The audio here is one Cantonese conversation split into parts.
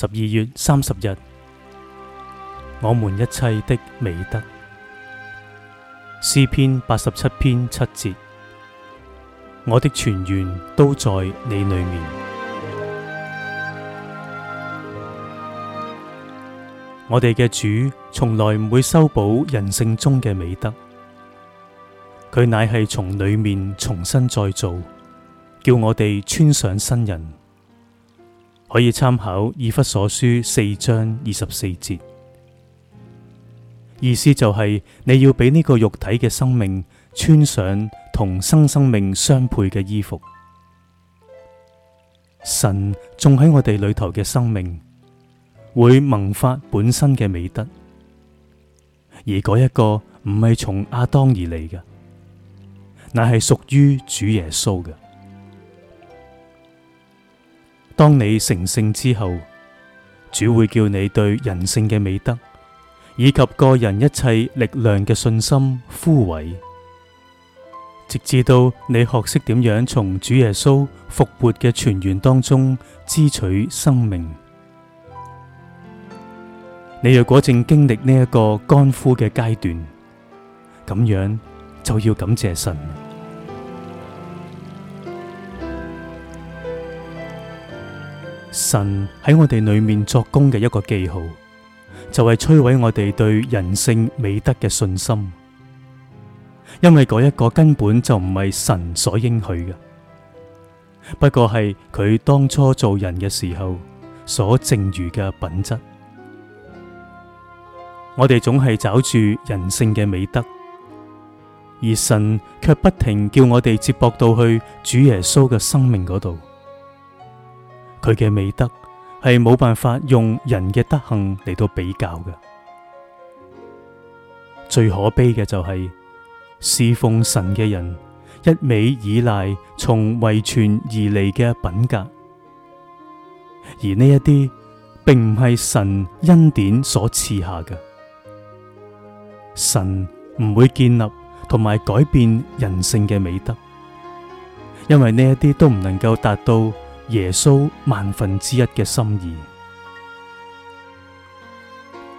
十二月三十日，我們一切的美德，詩篇八十七篇七節，我的泉源都在你裏面。我哋嘅主從來唔會修補人性中嘅美德，佢乃係從裏面重新再造，叫我哋穿上新人。可以參考《以弗所書》四章二十四節，意思就係你要俾呢個肉體嘅生命穿上同新生命相配嘅衣服。神種喺我哋裏頭嘅生命，會萌發本身嘅美德，而嗰一個唔係從亞當而嚟嘅，乃係屬於主耶穌嘅。當你成聖之後，主會叫你對人性嘅美德以及個人一切力量嘅信心枯萎，直至到你學識點樣從主耶穌復活嘅泉源當中支取生命。你若果正經歷呢一個乾枯嘅階段，咁樣就要感謝神。神喺我哋裏面作工嘅一個記號，就係摧毀我哋對人性美德嘅信心，因為嗰一個根本就唔係神所應許嘅，不過係佢當初做人嘅時候所剩餘嘅品質。我哋總係找住人性嘅美德，而神卻不停叫我哋接駁到去主耶穌嘅生命嗰度。佢嘅美德係冇辦法用人嘅德行嚟到比較嘅，最可悲嘅就係侍奉神嘅人一味依賴從遺傳而嚟嘅品格，而呢一啲並唔係神恩典所賜下嘅，神唔會建立同埋改變人性嘅美德，因為呢一啲都唔能夠達到。耶穌萬分之一嘅心意，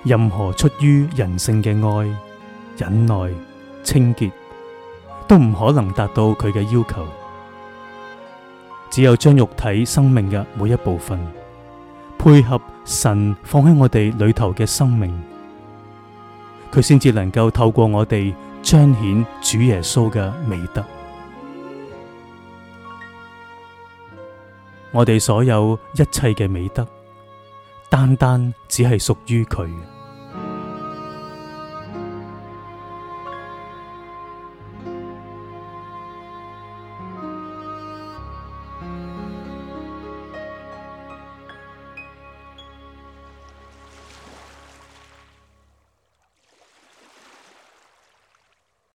任何出於人性嘅愛、忍耐、清潔，都唔可能達到佢嘅要求。只有將肉體生命嘅每一部分配合神放喺我哋裏頭嘅生命，佢先至能夠透過我哋彰顯主耶穌嘅美德。我哋所有一切嘅美德，單單只係屬於佢。